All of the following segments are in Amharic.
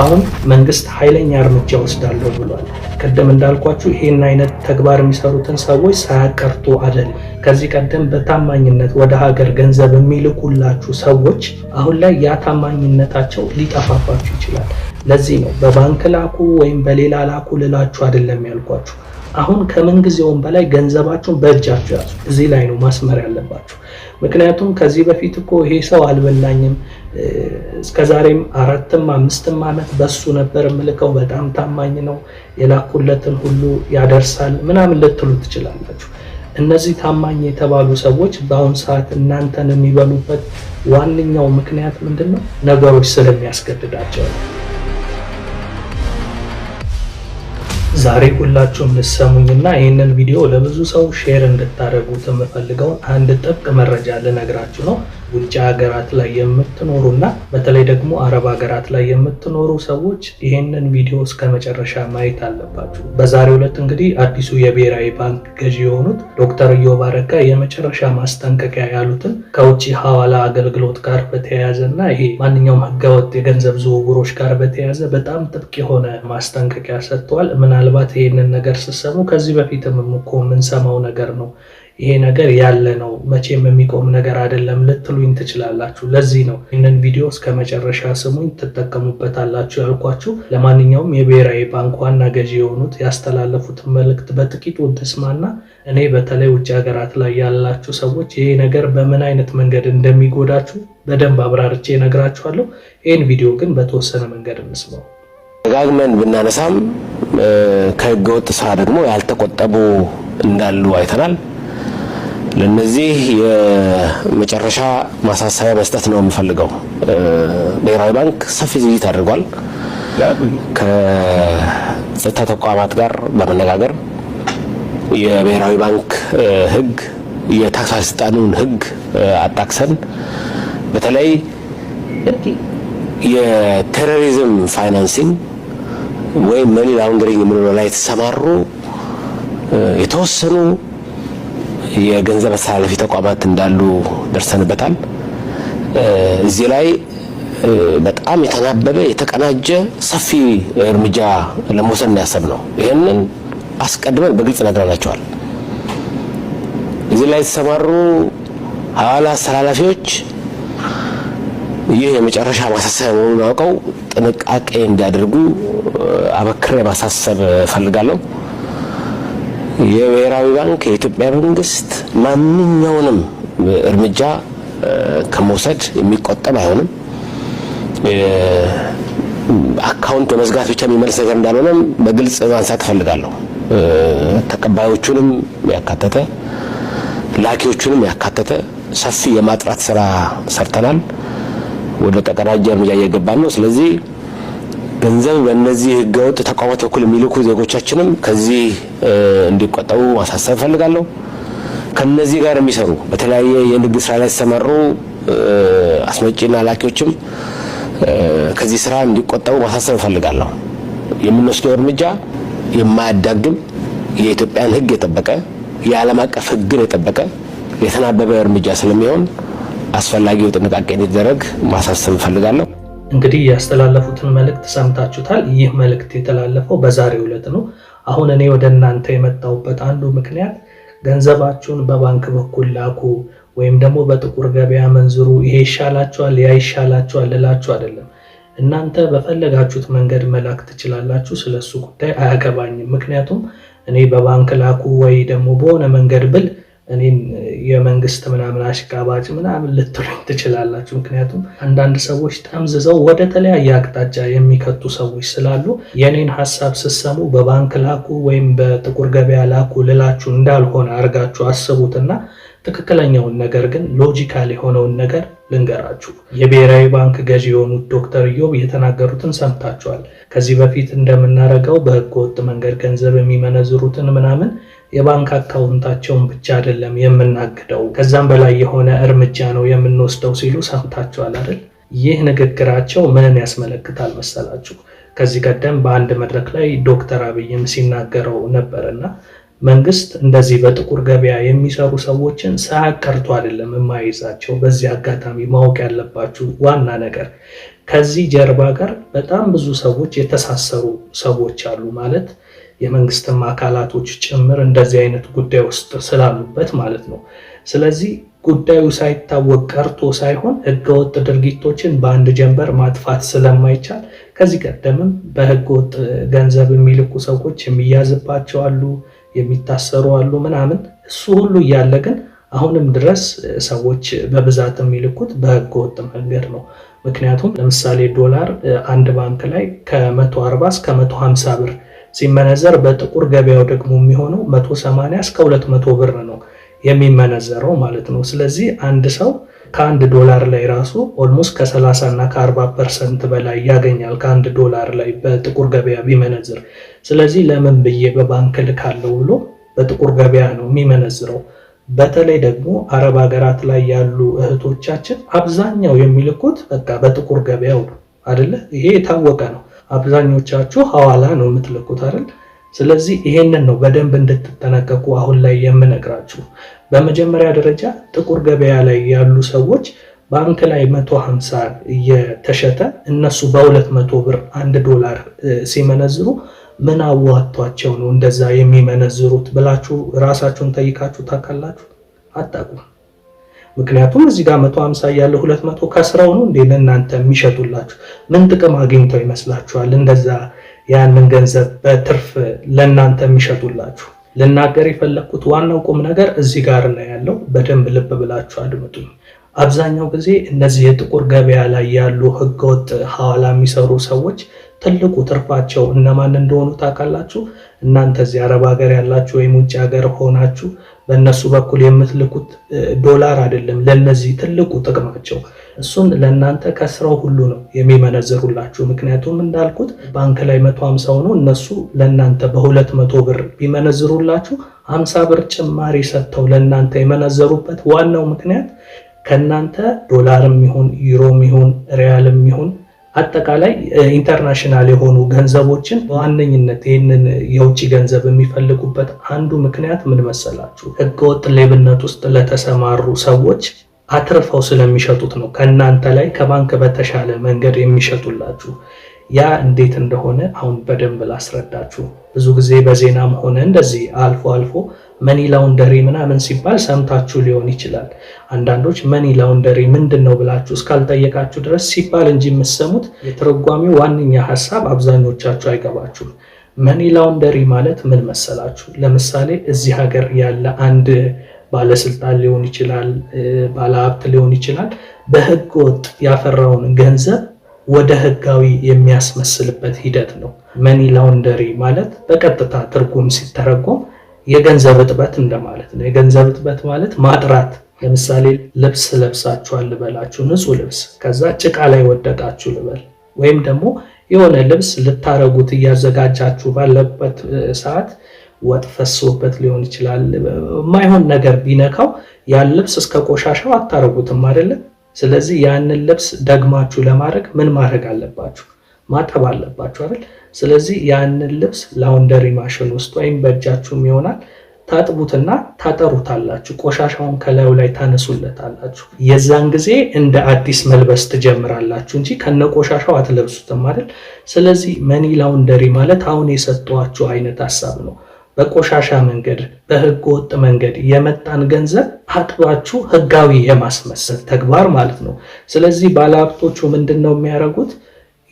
አሁን መንግስት ኃይለኛ እርምጃ ወስዳለሁ ብሏል። ቅድም እንዳልኳችሁ ይህን አይነት ተግባር የሚሰሩትን ሰዎች ሳያቀርቶ አደል ከዚህ ቀደም በታማኝነት ወደ ሀገር ገንዘብ የሚልኩላችሁ ሰዎች አሁን ላይ ያ ታማኝነታቸው ሊጠፋባችሁ ይችላል። ለዚህ ነው በባንክ ላኩ ወይም በሌላ ላኩ ልላችሁ አይደለም ያልኳችሁ። አሁን ከምንጊዜውም በላይ ገንዘባችሁን በእጃችሁ ያዙ። እዚህ ላይ ነው ማስመር ያለባችሁ። ምክንያቱም ከዚህ በፊት እኮ ይሄ ሰው አልበላኝም እስከዛሬም አራትም አምስትም ዓመት በሱ ነበር የምልከው፣ በጣም ታማኝ ነው፣ የላኩለትን ሁሉ ያደርሳል ምናምን ልትሉ ትችላላችሁ። እነዚህ ታማኝ የተባሉ ሰዎች በአሁኑ ሰዓት እናንተን የሚበሉበት ዋነኛው ምክንያት ምንድን ነው? ነገሮች ስለሚያስገድዳቸው ነው። ዛሬ ሁላችሁም እና ይህንን ቪዲዮ ለብዙ ሰው ሼር እንድታደርጉት የምፈልገውን አንድ ጥብቅ መረጃ ልነግራችሁ ነው። ውጭ ሀገራት ላይ የምትኖሩ እና በተለይ ደግሞ አረብ ሀገራት ላይ የምትኖሩ ሰዎች ይህንን ቪዲዮ እስከ መጨረሻ ማየት አለባችሁ። በዛሬው ዕለት እንግዲህ አዲሱ የብሔራዊ ባንክ ገዢ የሆኑት ዶክተር ኢዮብ አረጋ የመጨረሻ ማስጠንቀቂያ ያሉትን ከውጭ ሀዋላ አገልግሎት ጋር በተያያዘ እና ይሄ ማንኛውም ህገወጥ የገንዘብ ዝውውሮች ጋር በተያያዘ በጣም ጥብቅ የሆነ ማስጠንቀቂያ ሰጥተዋል። ምናልባት ይህንን ነገር ስትሰሙ ከዚህ በፊትም እኮ የምንሰማው ነገር ነው፣ ይሄ ነገር ያለ ነው፣ መቼም የሚቆም ነገር አይደለም ልትሉ ልታገኙኝ ትችላላችሁ። ለዚህ ነው ይህንን ቪዲዮ እስከ መጨረሻ ስሙኝ ትጠቀሙበታላችሁ ያልኳችሁ። ለማንኛውም የብሔራዊ ባንክ ዋና ገዢ የሆኑት ያስተላለፉትን መልእክት በጥቂቱ እንስማና እኔ በተለይ ውጭ ሀገራት ላይ ያላችሁ ሰዎች ይሄ ነገር በምን አይነት መንገድ እንደሚጎዳችሁ በደንብ አብራርቼ እነግራችኋለሁ። ይህን ቪዲዮ ግን በተወሰነ መንገድ እንስማው። ደጋግመን ብናነሳም ከህገወጥ ስራ ደግሞ ያልተቆጠቡ እንዳሉ አይተናል። ለነዚህ የመጨረሻ ማሳሰቢያ መስጠት ነው የምፈልገው። ብሔራዊ ባንክ ሰፊ ዝግጅት አድርጓል። ከጸጥታ ተቋማት ጋር በመነጋገር የብሔራዊ ባንክ ሕግ የታክስ ባለስልጣኑን ሕግ አጣክሰን በተለይ የቴሮሪዝም ፋይናንሲንግ ወይም መኒ ላውንደሪንግ የምንለው ላይ የተሰማሩ የተወሰኑ የገንዘብ አስተላላፊ ተቋማት እንዳሉ ደርሰንበታል። እዚህ ላይ በጣም የተናበበ የተቀናጀ ሰፊ እርምጃ ለመውሰድ ያሰብ ነው። ይህንን አስቀድመን በግልጽ ነግረናቸዋል። እዚህ ላይ የተሰማሩ ሐዋላ አስተላላፊዎች ይህ የመጨረሻ ማሳሰቢያ መሆኑን አውቀው ጥንቃቄ እንዲያደርጉ አበክሬ ማሳሰብ እፈልጋለሁ። የብሔራዊ ባንክ የኢትዮጵያ መንግስት ማንኛውንም እርምጃ ከመውሰድ የሚቆጠብ አይሆንም። አካውንት በመዝጋት ብቻ የሚመልስ ነገር እንዳልሆነም በግልጽ ማንሳት እፈልጋለሁ። ተቀባዮቹንም ያካተተ ላኪዎቹንም ያካተተ ሰፊ የማጥራት ስራ ሰርተናል። ወደ ተቀዳጀ እርምጃ እየገባን ነው። ስለዚህ ገንዘብ በእነዚህ ህገወጥ ተቋማት በኩል የሚልኩ ዜጎቻችንም ከዚህ እንዲቆጠቡ ማሳሰብ እፈልጋለሁ። ከነዚህ ጋር የሚሰሩ በተለያየ የንግድ ስራ ላይ የተሰማሩ አስመጪና ላኪዎችም ከዚህ ስራ እንዲቆጠቡ ማሳሰብ እፈልጋለሁ። የምንወስደው እርምጃ የማያዳግም የኢትዮጵያን ህግ የጠበቀ የዓለም አቀፍ ህግን የጠበቀ የተናበበ እርምጃ ስለሚሆን አስፈላጊው ጥንቃቄ እንዲደረግ ማሳሰብ እፈልጋለሁ። እንግዲህ ያስተላለፉትን መልእክት ሰምታችሁታል። ይህ መልእክት የተላለፈው በዛሬው ዕለት ነው። አሁን እኔ ወደ እናንተ የመጣሁበት አንዱ ምክንያት ገንዘባችሁን በባንክ በኩል ላኩ ወይም ደግሞ በጥቁር ገበያ መንዝሩ፣ ይሄ ይሻላችኋል፣ ያ ይሻላችኋል ልላችሁ አይደለም። እናንተ በፈለጋችሁት መንገድ መላክ ትችላላችሁ። ስለሱ ጉዳይ አያገባኝም። ምክንያቱም እኔ በባንክ ላኩ ወይ ደግሞ በሆነ መንገድ ብል እኔን የመንግስት ምናምን አሽቃባጭ ምናምን ልትሉኝ ትችላላችሁ። ምክንያቱም አንዳንድ ሰዎች ጠምዝዘው ወደ ተለያየ አቅጣጫ የሚከቱ ሰዎች ስላሉ የእኔን ሀሳብ ስሰሙ በባንክ ላኩ ወይም በጥቁር ገበያ ላኩ ልላችሁ እንዳልሆነ አድርጋችሁ አስቡትና ትክክለኛውን ነገር ግን ሎጂካል የሆነውን ነገር ልንገራችሁ። የብሔራዊ ባንክ ገዢ የሆኑት ዶክተር ኢዮብ የተናገሩትን ሰምታችኋል። ከዚህ በፊት እንደምናረገው በህገወጥ መንገድ ገንዘብ የሚመነዝሩትን ምናምን የባንክ አካውንታቸውን ብቻ አይደለም የምናግደው፣ ከዛም በላይ የሆነ እርምጃ ነው የምንወስደው ሲሉ ሰምታችኋል አይደል? ይህ ንግግራቸው ምንን ያስመለክታል መሰላችሁ? ከዚህ ቀደም በአንድ መድረክ ላይ ዶክተር አብይም ሲናገረው ነበርና መንግስት እንደዚህ በጥቁር ገበያ የሚሰሩ ሰዎችን ሰዓት ቀርቶ አይደለም የማይዛቸው። በዚህ አጋጣሚ ማወቅ ያለባችሁ ዋና ነገር ከዚህ ጀርባ ጋር በጣም ብዙ ሰዎች የተሳሰሩ ሰዎች አሉ ማለት የመንግስትም አካላቶች ጭምር እንደዚህ አይነት ጉዳይ ውስጥ ስላሉበት ማለት ነው። ስለዚህ ጉዳዩ ሳይታወቅ ቀርቶ ሳይሆን ህገወጥ ድርጊቶችን በአንድ ጀንበር ማጥፋት ስለማይቻል ከዚህ ቀደምም በህገወጥ ገንዘብ የሚልኩ ሰዎች የሚያዝባቸው አሉ፣ የሚታሰሩ አሉ ምናምን። እሱ ሁሉ እያለ ግን አሁንም ድረስ ሰዎች በብዛት የሚልኩት በህገወጥ መንገድ ነው። ምክንያቱም ለምሳሌ ዶላር አንድ ባንክ ላይ ከ140 እስከ 150 ብር ሲመነዘር በጥቁር ገበያው ደግሞ የሚሆነው 180 እስከ 200 ብር ነው የሚመነዘረው ማለት ነው። ስለዚህ አንድ ሰው ከአንድ ዶላር ላይ ራሱ ኦልሞስት ከ30 እና ከ40 ፐርሰንት በላይ ያገኛል ከአንድ ዶላር ላይ በጥቁር ገበያ ቢመነዝር። ስለዚህ ለምን ብዬ በባንክ ልካለው ብሎ በጥቁር ገበያ ነው የሚመነዝረው። በተለይ ደግሞ አረብ ሀገራት ላይ ያሉ እህቶቻችን አብዛኛው የሚልኩት በቃ በጥቁር ገበያው ነው አደለ? ይሄ የታወቀ ነው። አብዛኞቻችሁ ሐዋላ ነው የምትልኩት አይደል? ስለዚህ ይሄንን ነው በደንብ እንድትጠነቀቁ አሁን ላይ የምነግራችሁ። በመጀመሪያ ደረጃ ጥቁር ገበያ ላይ ያሉ ሰዎች ባንክ ላይ 150 እየተሸጠ እነሱ በ200 ብር አንድ ዶላር ሲመነዝሩ ምን አዋጥቷቸው ነው እንደዛ የሚመነዝሩት ብላችሁ ራሳችሁን ጠይቃችሁ ታውቃላችሁ? አታውቁም። ምክንያቱም እዚህ ጋር መቶ ያለ 200 ከስራው መቶ ነው እንዴ ለእናንተ የሚሸጡላችሁ? ምን ጥቅም አግኝተው ይመስላችኋል? እንደዛ ያንን ገንዘብ በትርፍ ለእናንተ የሚሸጡላችሁ። ልናገር የፈለግኩት ዋናው ቁም ነገር እዚህ ጋር ነው ያለው። በደንብ ልብ ብላችሁ አድምጡኝ። አብዛኛው ጊዜ እነዚህ የጥቁር ገበያ ላይ ያሉ ህገወጥ ሐዋላ የሚሰሩ ሰዎች ትልቁ ትርፋቸው እነማን እንደሆኑ ታውቃላችሁ? እናንተ እዚህ አረብ ሀገር ያላችሁ ወይም ውጭ ሀገር ሆናችሁ በእነሱ በኩል የምትልኩት ዶላር አይደለም፣ ለነዚህ ትልቁ ጥቅማቸው እሱን ለእናንተ ከስራው ሁሉ ነው የሚመነዝሩላችሁ። ምክንያቱም እንዳልኩት ባንክ ላይ መቶ ሀምሳ ሆኖ እነሱ ለእናንተ በሁለት መቶ ብር ቢመነዝሩላችሁ ሀምሳ ብር ጭማሪ ሰጥተው ለእናንተ የመነዘሩበት ዋናው ምክንያት ከእናንተ ዶላርም ይሁን ዩሮም ይሁን ሪያልም ይሁን አጠቃላይ ኢንተርናሽናል የሆኑ ገንዘቦችን በዋነኝነት ይህንን የውጭ ገንዘብ የሚፈልጉበት አንዱ ምክንያት ምን መሰላችሁ? ህገወጥ ሌብነት ውስጥ ለተሰማሩ ሰዎች አትርፈው ስለሚሸጡት ነው። ከእናንተ ላይ ከባንክ በተሻለ መንገድ የሚሸጡላችሁ። ያ እንዴት እንደሆነ አሁን በደንብ ላስረዳችሁ። ብዙ ጊዜ በዜናም ሆነ እንደዚህ አልፎ አልፎ መኒ ላውንደሪ ምናምን ሲባል ሰምታችሁ ሊሆን ይችላል። አንዳንዶች መኒ ላውንደሪ ምንድን ነው ብላችሁ እስካልጠየቃችሁ ድረስ ሲባል እንጂ የምትሰሙት የትርጓሜው ዋነኛ ሀሳብ አብዛኞቻችሁ አይገባችሁም። መኒ ላውንደሪ ማለት ምን መሰላችሁ? ለምሳሌ እዚህ ሀገር ያለ አንድ ባለስልጣን ሊሆን ይችላል፣ ባለሀብት ሊሆን ይችላል። በህገ ወጥ ያፈራውን ገንዘብ ወደ ህጋዊ የሚያስመስልበት ሂደት ነው መኒ ላውንደሪ ማለት በቀጥታ ትርጉም ሲተረጎም የገንዘብ እጥበት እንደማለት ነው። የገንዘብ እጥበት ማለት ማጥራት ለምሳሌ ልብስ ለብሳችኋል ልበላችሁ፣ ንጹህ ልብስ ከዛ ጭቃ ላይ ወደቃችሁ ልበል። ወይም ደግሞ የሆነ ልብስ ልታረጉት እያዘጋጃችሁ ባለበት ሰዓት ወጥ ፈሶበት ሊሆን ይችላል። የማይሆን ነገር ቢነካው ያን ልብስ እስከ ቆሻሻው አታረጉትም አይደለም? ስለዚህ ያንን ልብስ ደግማችሁ ለማድረግ ምን ማድረግ አለባችሁ? ማጠብ አለባችሁ አይደል? ስለዚህ ያንን ልብስ ላውንደሪ ማሽን ውስጥ ወይም በእጃችሁም ይሆናል ታጥቡትና ታጠሩታላችሁ። ቆሻሻውን ከላዩ ላይ ታነሱለታላችሁ። የዛን ጊዜ እንደ አዲስ መልበስ ትጀምራላችሁ እንጂ ከነ ቆሻሻው አትለብሱትም አይደል? ስለዚህ መኒ ላውንደሪ ማለት አሁን የሰጠኋችሁ አይነት ሀሳብ ነው። በቆሻሻ መንገድ በህገ ወጥ መንገድ የመጣን ገንዘብ አጥባችሁ ህጋዊ የማስመሰል ተግባር ማለት ነው። ስለዚህ ባለሀብቶቹ ምንድን ነው የሚያደርጉት?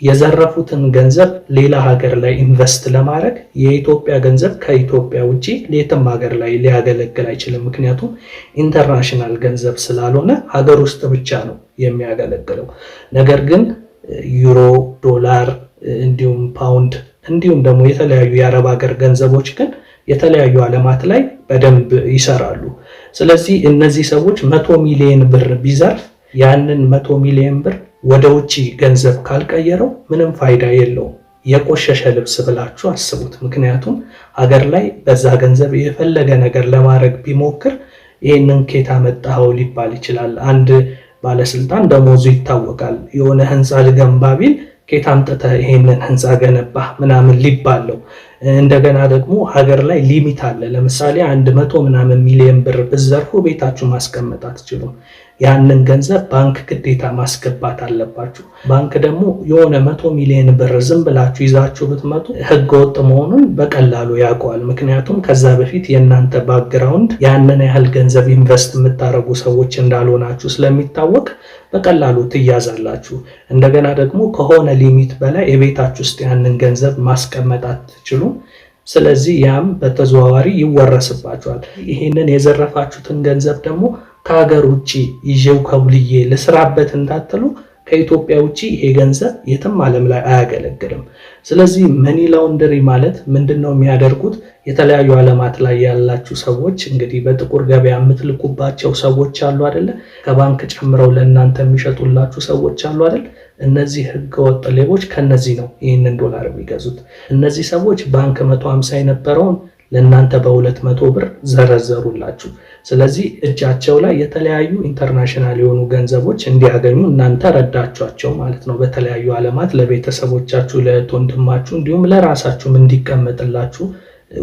የዘረፉትን ገንዘብ ሌላ ሀገር ላይ ኢንቨስት ለማድረግ የኢትዮጵያ ገንዘብ ከኢትዮጵያ ውጭ ለየትም ሀገር ላይ ሊያገለግል አይችልም። ምክንያቱም ኢንተርናሽናል ገንዘብ ስላልሆነ ሀገር ውስጥ ብቻ ነው የሚያገለግለው። ነገር ግን ዩሮ፣ ዶላር እንዲሁም ፓውንድ እንዲሁም ደግሞ የተለያዩ የአረብ ሀገር ገንዘቦች ግን የተለያዩ ዓለማት ላይ በደንብ ይሰራሉ። ስለዚህ እነዚህ ሰዎች መቶ ሚሊዮን ብር ቢዘርፍ ያንን መቶ ሚሊዮን ብር ወደ ውጭ ገንዘብ ካልቀየረው ምንም ፋይዳ የለውም። የቆሸሸ ልብስ ብላችሁ አስቡት። ምክንያቱም ሀገር ላይ በዛ ገንዘብ የፈለገ ነገር ለማድረግ ቢሞክር ይህንን ኬታ አመጣኸው ሊባል ይችላል። አንድ ባለስልጣን ደሞዙ ይታወቃል። የሆነ ህንፃ ልገንባ ቢል ኬት አምጥተህ ይሄንን ህንፃ ገነባ ምናምን ሊባለው። እንደገና ደግሞ ሀገር ላይ ሊሚት አለ። ለምሳሌ አንድ መቶ ምናምን ሚሊዮን ብር ብዘርፉ ቤታችሁ ማስቀመጥ አትችሉም። ያንን ገንዘብ ባንክ ግዴታ ማስገባት አለባችሁ። ባንክ ደግሞ የሆነ መቶ ሚሊዮን ብር ዝም ብላችሁ ይዛችሁ ብትመጡ ህገወጥ መሆኑን በቀላሉ ያውቀዋል። ምክንያቱም ከዛ በፊት የእናንተ ባክግራውንድ ያንን ያህል ገንዘብ ኢንቨስት የምታደርጉ ሰዎች እንዳልሆናችሁ ስለሚታወቅ በቀላሉ ትያዛላችሁ። እንደገና ደግሞ ከሆነ ሊሚት በላይ የቤታችሁ ውስጥ ያንን ገንዘብ ማስቀመጥ አትችሉም። ስለዚህ ያም በተዘዋዋሪ ይወረስባችኋል። ይህንን የዘረፋችሁትን ገንዘብ ደግሞ ከሀገር ውጭ ይዤው ከውልዬ ልስራበት እንዳትሉ ከኢትዮጵያ ውጭ ይሄ ገንዘብ የትም ዓለም ላይ አያገለግልም። ስለዚህ መኒ ላውንደሪ ማለት ምንድን ነው የሚያደርጉት? የተለያዩ ዓለማት ላይ ያላችሁ ሰዎች እንግዲህ በጥቁር ገበያ የምትልኩባቸው ሰዎች አሉ አደለ? ከባንክ ጨምረው ለእናንተ የሚሸጡላችሁ ሰዎች አሉ አይደል? እነዚህ ህገወጥ ሌቦች ከነዚህ ነው ይህንን ዶላር የሚገዙት። እነዚህ ሰዎች ባንክ 150 የነበረውን ለእናንተ በሁለት መቶ ብር ዘረዘሩላችሁ። ስለዚህ እጃቸው ላይ የተለያዩ ኢንተርናሽናል የሆኑ ገንዘቦች እንዲያገኙ እናንተ ረዳችኋቸው ማለት ነው። በተለያዩ ዓለማት ለቤተሰቦቻችሁ፣ ለእህት ወንድማችሁ እንዲሁም ለራሳችሁም እንዲቀመጥላችሁ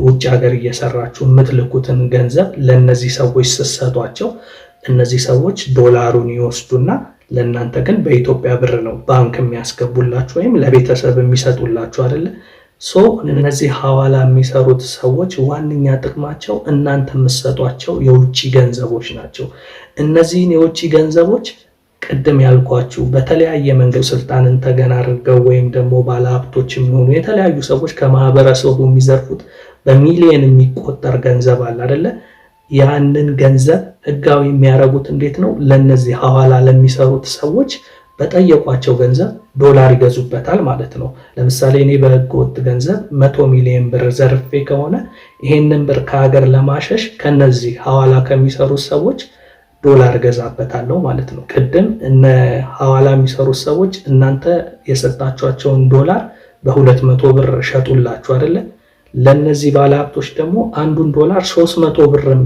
ውጭ ሀገር እየሰራችሁ የምትልኩትን ገንዘብ ለእነዚህ ሰዎች ስትሰጧቸው እነዚህ ሰዎች ዶላሩን ይወስዱና ለእናንተ ግን በኢትዮጵያ ብር ነው ባንክ የሚያስገቡላችሁ ወይም ለቤተሰብ የሚሰጡላችሁ አይደለ? ሶ እነዚህ ሐዋላ የሚሰሩት ሰዎች ዋነኛ ጥቅማቸው እናንተ የምትሰጧቸው የውጭ ገንዘቦች ናቸው። እነዚህን የውጭ ገንዘቦች ቅድም ያልኳችሁ በተለያየ መንገድ ስልጣንን ተገና አድርገው ወይም ደግሞ ባለሀብቶች የሚሆኑ የተለያዩ ሰዎች ከማህበረሰቡ የሚዘርፉት በሚሊየን የሚቆጠር ገንዘብ አለ አደለ? ያንን ገንዘብ ህጋዊ የሚያደርጉት እንዴት ነው? ለእነዚህ ሐዋላ ለሚሰሩት ሰዎች በጠየቋቸው ገንዘብ ዶላር ይገዙበታል ማለት ነው። ለምሳሌ እኔ በህገወጥ ገንዘብ መቶ ሚሊዮን ብር ዘርፌ ከሆነ ይሄንን ብር ከሀገር ለማሸሽ ከነዚህ ሀዋላ ከሚሰሩ ሰዎች ዶላር ገዛበታለሁ ማለት ነው። ቅድም እነ ሀዋላ የሚሰሩ ሰዎች እናንተ የሰጣችኋቸውን ዶላር በሁለት መቶ ብር ሸጡላችሁ አይደለ? ለእነዚህ ባለሀብቶች ደግሞ አንዱን ዶላር ሶስት መቶ ብርም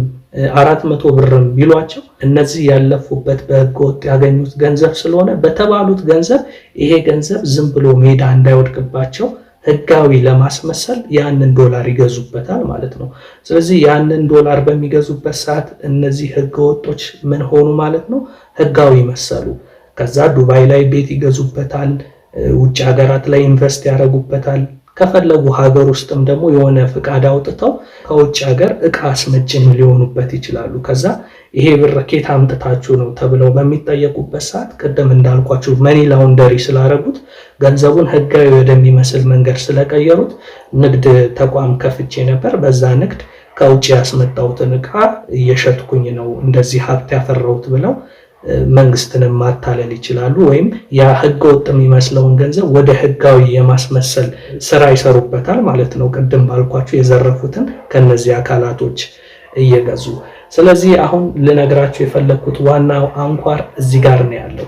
አራት መቶ ብርም ቢሏቸው እነዚህ ያለፉበት በህገ ወጥ ያገኙት ገንዘብ ስለሆነ በተባሉት ገንዘብ ይሄ ገንዘብ ዝም ብሎ ሜዳ እንዳይወድቅባቸው ህጋዊ ለማስመሰል ያንን ዶላር ይገዙበታል ማለት ነው። ስለዚህ ያንን ዶላር በሚገዙበት ሰዓት እነዚህ ህገ ወጦች ምን ሆኑ ማለት ነው? ህጋዊ መሰሉ። ከዛ ዱባይ ላይ ቤት ይገዙበታል፣ ውጭ ሀገራት ላይ ኢንቨስት ያደርጉበታል። ከፈለጉ ሀገር ውስጥም ደግሞ የሆነ ፍቃድ አውጥተው ከውጭ ሀገር እቃ አስመጭም ሊሆኑበት ይችላሉ። ከዛ ይሄ ብር ኬት አምጥታችሁ ነው ተብለው በሚጠየቁበት ሰዓት ቅድም እንዳልኳችሁ መኒ ላውንደሪ ስላረጉት ገንዘቡን ህጋዊ ወደሚመስል መንገድ ስለቀየሩት ንግድ ተቋም ከፍቼ ነበር። በዛ ንግድ ከውጭ ያስመጣሁትን እቃ እየሸጥኩኝ ነው እንደዚህ ሀብት ያፈራሁት ብለው መንግስትንም ማታለል ይችላሉ። ወይም ያ ህገ ወጥ የሚመስለውን ገንዘብ ወደ ህጋዊ የማስመሰል ስራ ይሰሩበታል ማለት ነው። ቅድም ባልኳችሁ የዘረፉትን ከነዚህ አካላቶች እየገዙ ስለዚህ አሁን ልነግራቸው የፈለግኩት ዋናው አንኳር እዚህ ጋር ነው ያለው።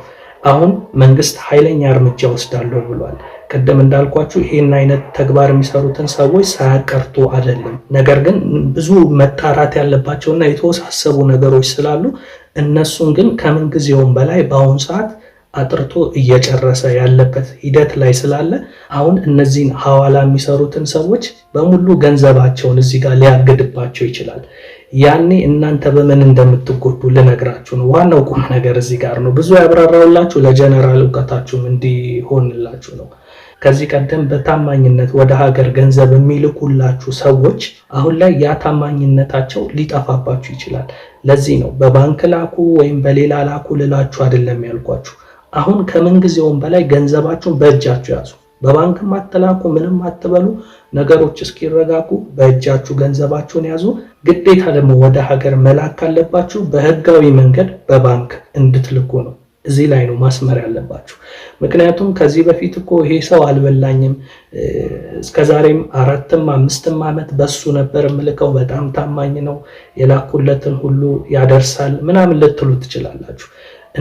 አሁን መንግስት ኃይለኛ እርምጃ ወስዳለሁ ብሏል። ቅድም እንዳልኳችሁ ይህን አይነት ተግባር የሚሰሩትን ሰዎች ሳያቀርቶ አይደለም። ነገር ግን ብዙ መጣራት ያለባቸውና የተወሳሰቡ ነገሮች ስላሉ እነሱን ግን ከምን ጊዜውም በላይ በአሁኑ ሰዓት አጥርቶ እየጨረሰ ያለበት ሂደት ላይ ስላለ አሁን እነዚህን ሐዋላ የሚሰሩትን ሰዎች በሙሉ ገንዘባቸውን እዚህ ጋር ሊያግድባቸው ይችላል። ያኔ እናንተ በምን እንደምትጎዱ ልነግራችሁ ነው። ዋናው ቁም ነገር እዚህ ጋር ነው። ብዙ ያብራራውላችሁ ለጀነራል እውቀታችሁም እንዲሆንላችሁ ነው። ከዚህ ቀደም በታማኝነት ወደ ሀገር ገንዘብ የሚልኩላችሁ ሰዎች አሁን ላይ ያ ታማኝነታቸው ሊጠፋባችሁ ይችላል። ለዚህ ነው በባንክ ላኩ ወይም በሌላ ላኩ ልላችሁ አይደለም ያልኳችሁ። አሁን ከምንጊዜውም በላይ ገንዘባችሁን በእጃችሁ ያዙ። በባንክም አትላኩ፣ ምንም አትበሉ። ነገሮች እስኪረጋጉ በእጃችሁ ገንዘባችሁን ያዙ። ግዴታ ደግሞ ወደ ሀገር መላክ ካለባችሁ በህጋዊ መንገድ በባንክ እንድትልኩ ነው። እዚህ ላይ ነው ማስመር ያለባችሁ። ምክንያቱም ከዚህ በፊት እኮ ይሄ ሰው አልበላኝም፣ እስከዛሬም አራትም አምስትም ዓመት በሱ ነበር የምልከው፣ በጣም ታማኝ ነው፣ የላኩለትን ሁሉ ያደርሳል ምናምን ልትሉ ትችላላችሁ።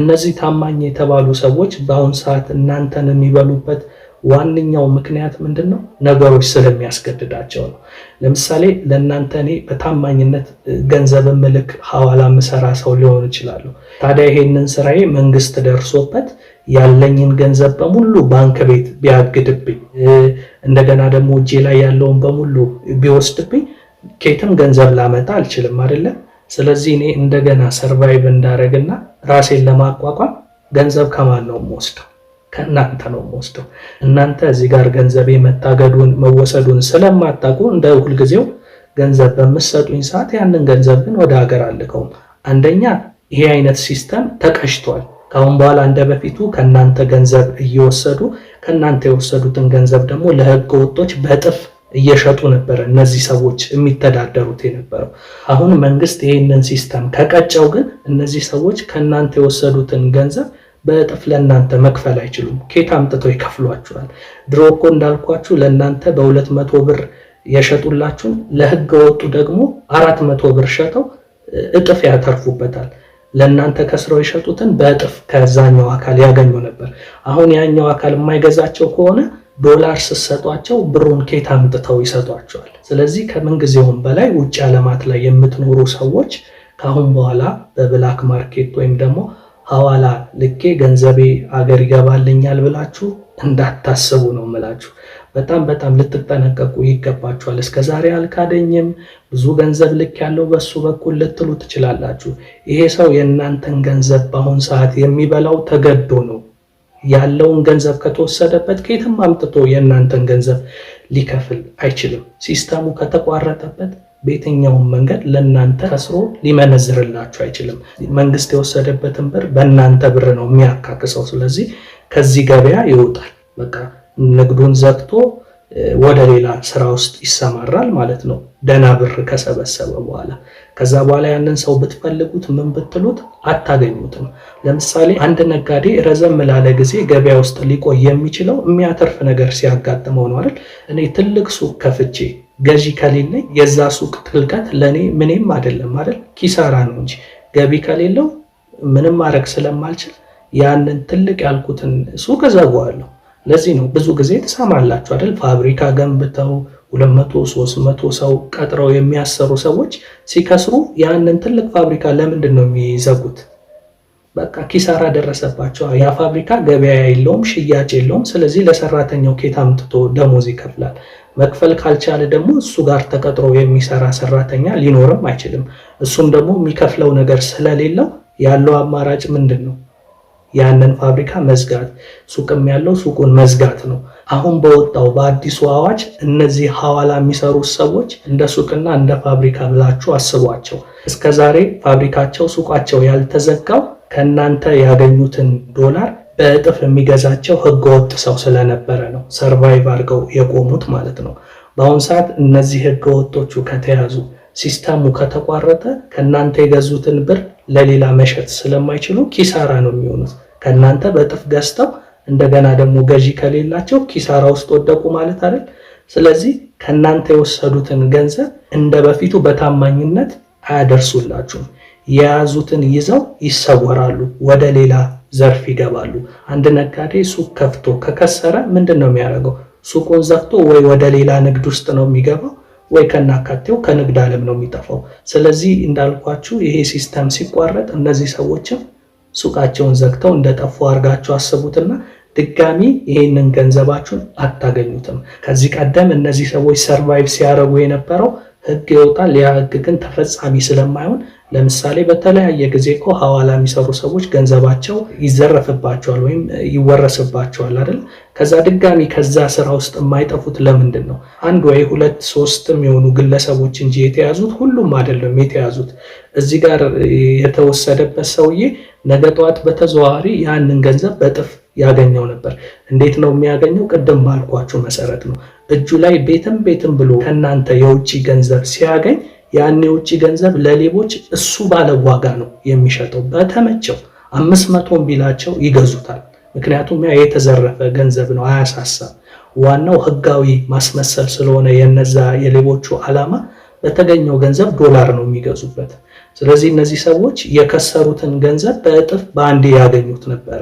እነዚህ ታማኝ የተባሉ ሰዎች በአሁን ሰዓት እናንተን የሚበሉበት ዋነኛው ምክንያት ምንድን ነው? ነገሮች ስለሚያስገድዳቸው ነው። ለምሳሌ ለእናንተ እኔ በታማኝነት ገንዘብ ምልክ ሐዋላ ምሰራ ሰው ሊሆን ይችላሉ። ታዲያ ይሄንን ስራዬ መንግስት ደርሶበት ያለኝን ገንዘብ በሙሉ ባንክ ቤት ቢያግድብኝ፣ እንደገና ደግሞ እጄ ላይ ያለውን በሙሉ ቢወስድብኝ ኬትም ገንዘብ ላመጣ አልችልም አይደለም። ስለዚህ እኔ እንደገና ሰርቫይቭ እንዳደረግና ራሴን ለማቋቋም ገንዘብ ከማን ነው የምወስደው? ከእናንተ ነው የምወስደው። እናንተ እዚህ ጋር ገንዘቤ መታገዱን መወሰዱን ስለማታውቁ እንደ ሁልጊዜው ገንዘብ በምሰጡኝ ሰዓት ያንን ገንዘብ ግን ወደ ሀገር አልከውም። አንደኛ ይሄ አይነት ሲስተም ተቀሽቷል። ከአሁን በኋላ እንደ በፊቱ ከእናንተ ገንዘብ እየወሰዱ ከእናንተ የወሰዱትን ገንዘብ ደግሞ ለሕገ ወጦች በጥፍ እየሸጡ ነበረ እነዚህ ሰዎች የሚተዳደሩት የነበረው። አሁን መንግስት ይህንን ሲስተም ከቀጨው ግን እነዚህ ሰዎች ከእናንተ የወሰዱትን ገንዘብ በእጥፍ ለእናንተ መክፈል አይችሉም። ኬት አምጥተው ይከፍሏችኋል? ድሮ እኮ እንዳልኳችሁ ለእናንተ በሁለት መቶ ብር የሸጡላችሁን ለህገ ወጡ ደግሞ አራት መቶ ብር ሸጠው እጥፍ ያተርፉበታል። ለእናንተ ከስረው የሸጡትን በእጥፍ ከዛኛው አካል ያገኙ ነበር። አሁን ያኛው አካል የማይገዛቸው ከሆነ ዶላር ስትሰጧቸው ብሩን ኬት አምጥተው ይሰጧቸዋል። ስለዚህ ከምንጊዜውም በላይ ውጭ ዓለማት ላይ የምትኖሩ ሰዎች ከአሁን በኋላ በብላክ ማርኬት ወይም ደግሞ ሐዋላ ልኬ ገንዘቤ አገር ይገባልኛል ብላችሁ እንዳታስቡ ነው ምላችሁ። በጣም በጣም ልትጠነቀቁ ይገባችኋል። እስከዛሬ አልካደኝም፣ ብዙ ገንዘብ ልክ ያለው በሱ በኩል ልትሉ ትችላላችሁ። ይሄ ሰው የእናንተን ገንዘብ በአሁን ሰዓት የሚበላው ተገዶ ነው። ያለውን ገንዘብ ከተወሰደበት ከየትም አምጥቶ የእናንተን ገንዘብ ሊከፍል አይችልም። ሲስተሙ ከተቋረጠበት በየትኛውም መንገድ ለእናንተ ከስሮ ሊመነዝርላችሁ አይችልም። መንግስት የወሰደበትን ብር በእናንተ ብር ነው የሚያካክሰው። ስለዚህ ከዚህ ገበያ ይወጣል። በቃ ንግዱን ዘግቶ ወደ ሌላ ስራ ውስጥ ይሰማራል ማለት ነው። ደህና ብር ከሰበሰበ በኋላ ከዛ በኋላ ያንን ሰው ብትፈልጉት ምን ብትሉት አታገኙትም። ለምሳሌ አንድ ነጋዴ ረዘም ላለ ጊዜ ገበያ ውስጥ ሊቆይ የሚችለው የሚያተርፍ ነገር ሲያጋጥመው ነው አይደል? እኔ ትልቅ ሱቅ ከፍቼ ገዢ ከሌለኝ የዛ ሱቅ ትልቀት ለእኔ ምንም አይደለም አይደል? ኪሳራ ነው እንጂ ገቢ ከሌለው ምንም ማድረግ ስለማልችል ያንን ትልቅ ያልኩትን ሱቅ እዘጋዋለሁ። ለዚህ ነው ብዙ ጊዜ ትሰማላችሁ አይደል? ፋብሪካ ገንብተው 200 300 ሰው ቀጥረው የሚያሰሩ ሰዎች ሲከስሩ ያንን ትልቅ ፋብሪካ ለምንድን ነው የሚዘጉት? በቃ ኪሳራ ደረሰባቸው። ያ ፋብሪካ ገበያ የለውም፣ ሽያጭ የለውም። ስለዚህ ለሰራተኛው ኬታ አምጥቶ ደሞዝ ይከፍላል? መክፈል ካልቻለ ደግሞ እሱ ጋር ተቀጥሮ የሚሰራ ሰራተኛ ሊኖርም አይችልም። እሱም ደግሞ የሚከፍለው ነገር ስለሌለው ያለው አማራጭ ምንድን ነው? ያንን ፋብሪካ መዝጋት፣ ሱቅም ያለው ሱቁን መዝጋት ነው። አሁን በወጣው በአዲሱ አዋጅ እነዚህ ሐዋላ የሚሰሩት ሰዎች እንደ ሱቅና እንደ ፋብሪካ ብላችሁ አስቧቸው። እስከዛሬ ፋብሪካቸው ሱቃቸው ያልተዘጋው ከእናንተ ያገኙትን ዶላር በእጥፍ የሚገዛቸው ህገወጥ ሰው ስለነበረ ነው ሰርቫይቭ አድርገው የቆሙት ማለት ነው። በአሁኑ ሰዓት እነዚህ ህገወጦቹ ከተያዙ ሲስተሙ ከተቋረጠ ከእናንተ የገዙትን ብር ለሌላ መሸጥ ስለማይችሉ ኪሳራ ነው የሚሆኑት። ከእናንተ በእጥፍ ገዝተው እንደገና ደግሞ ገዢ ከሌላቸው ኪሳራ ውስጥ ወደቁ ማለት አይደል? ስለዚህ ከእናንተ የወሰዱትን ገንዘብ እንደ በፊቱ በታማኝነት አያደርሱላችሁም። የያዙትን ይዘው ይሰወራሉ፣ ወደ ሌላ ዘርፍ ይገባሉ። አንድ ነጋዴ ሱቅ ከፍቶ ከከሰረ ምንድን ነው የሚያደርገው? ሱቁን ዘግቶ ወይ ወደ ሌላ ንግድ ውስጥ ነው የሚገባው ወይ ከናካቴው ከንግድ ዓለም ነው የሚጠፋው። ስለዚህ እንዳልኳችሁ ይሄ ሲስተም ሲቋረጥ እነዚህ ሰዎችም ሱቃቸውን ዘግተው እንደጠፉ አድርጋችሁ አስቡትና ድጋሚ ይህንን ገንዘባችሁን አታገኙትም። ከዚህ ቀደም እነዚህ ሰዎች ሰርቫይቭ ሲያደርጉ የነበረው ህግ ይወጣል። ያ ህግ ግን ተፈጻሚ ስለማይሆን ለምሳሌ በተለያየ ጊዜ እኮ ሐዋላ የሚሰሩ ሰዎች ገንዘባቸው ይዘረፍባቸዋል ወይም ይወረስባቸዋል አይደል? ከዛ ድጋሚ ከዛ ስራ ውስጥ የማይጠፉት ለምንድን ነው? አንድ ወይ ሁለት ሶስትም የሆኑ ግለሰቦች እንጂ የተያዙት ሁሉም አይደለም የተያዙት። እዚህ ጋር የተወሰደበት ሰውዬ ነገ ጠዋት በተዘዋዋሪ ያንን ገንዘብ በጥፍ ያገኘው ነበር። እንዴት ነው የሚያገኘው? ቅድም ባልኳችሁ መሰረት ነው። እጁ ላይ ቤትም ቤትም ብሎ ከእናንተ የውጭ ገንዘብ ሲያገኝ ያን የውጭ ገንዘብ ለሌቦች እሱ ባለ ዋጋ ነው የሚሸጠው። በተመቸው አምስት መቶም ቢላቸው ይገዙታል። ምክንያቱም ያ የተዘረፈ ገንዘብ ነው፣ አያሳሳም። ዋናው ህጋዊ ማስመሰል ስለሆነ የነዛ የሌቦቹ ዓላማ በተገኘው ገንዘብ ዶላር ነው የሚገዙበት። ስለዚህ እነዚህ ሰዎች የከሰሩትን ገንዘብ በእጥፍ በአንዴ ያገኙት ነበረ።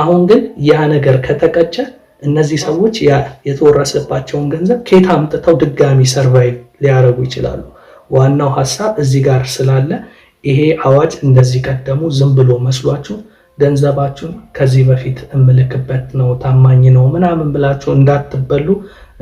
አሁን ግን ያ ነገር ከተቀጨ እነዚህ ሰዎች የተወረሰባቸውን ገንዘብ ከየት አምጥተው ድጋሚ ሰርቫይቭ ሊያደርጉ ይችላሉ? ዋናው ሀሳብ እዚህ ጋር ስላለ ይሄ አዋጅ እንደዚህ ቀደሙ ዝም ብሎ መስሏችሁ ገንዘባችሁን ከዚህ በፊት እምልክበት ነው ታማኝ ነው ምናምን ብላችሁ እንዳትበሉ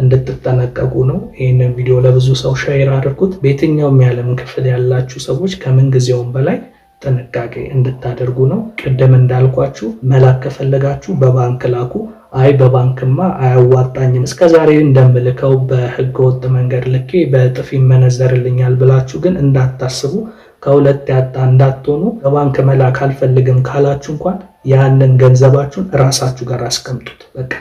እንድትጠነቀቁ ነው። ይህንን ቪዲዮ ለብዙ ሰው ሼር አድርጉት። በየትኛውም የዓለም ክፍል ያላችሁ ሰዎች ከምን በላይ ጥንቃቄ እንድታደርጉ ነው። ቅድም እንዳልኳችሁ መላክ ከፈለጋችሁ በባንክ ላኩ። አይ በባንክማ አያዋጣኝም እስከ ዛሬ እንደምልከው በህገወጥ መንገድ ልኬ በእጥፍ ይመነዘርልኛል ብላችሁ ግን እንዳታስቡ። ከሁለት ያጣ እንዳትሆኑ። በባንክ መላክ አልፈልግም ካላችሁ እንኳን ያንን ገንዘባችሁን እራሳችሁ ጋር አስቀምጡት። በቃ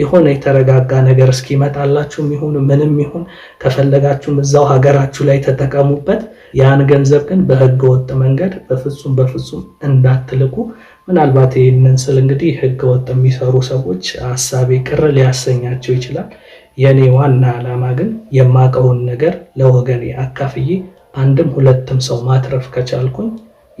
የሆነ የተረጋጋ ነገር እስኪመጣላችሁ ይሁን ምንም ይሁን ከፈለጋችሁም እዛው ሀገራችሁ ላይ ተጠቀሙበት። ያን ገንዘብ ግን በህገ ወጥ መንገድ በፍጹም በፍጹም እንዳትልኩ። ምናልባት ይህንን ስል እንግዲህ ህገ ወጥ የሚሰሩ ሰዎች አሳቤ ቅር ሊያሰኛቸው ይችላል። የእኔ ዋና ዓላማ ግን የማቀውን ነገር ለወገኔ አካፍዬ አንድም ሁለትም ሰው ማትረፍ ከቻልኩኝ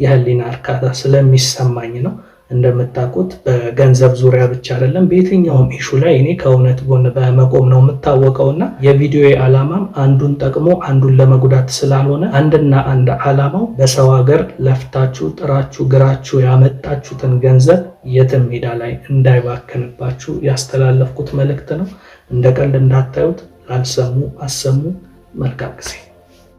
የህሊና እርካታ ስለሚሰማኝ ነው። እንደምታውቁት በገንዘብ ዙሪያ ብቻ አይደለም፣ በየትኛውም ኢሹ ላይ እኔ ከእውነት ጎን በመቆም ነው የምታወቀው እና የቪዲዮ ዓላማም አንዱን ጠቅሞ አንዱን ለመጉዳት ስላልሆነ አንድና አንድ ዓላማው በሰው ሀገር ለፍታችሁ ጥራችሁ ግራችሁ ያመጣችሁትን ገንዘብ የትም ሜዳ ላይ እንዳይባከንባችሁ ያስተላለፍኩት መልእክት ነው። እንደ ቀልድ እንዳታዩት። ላልሰሙ አሰሙ። መልካም ጊዜ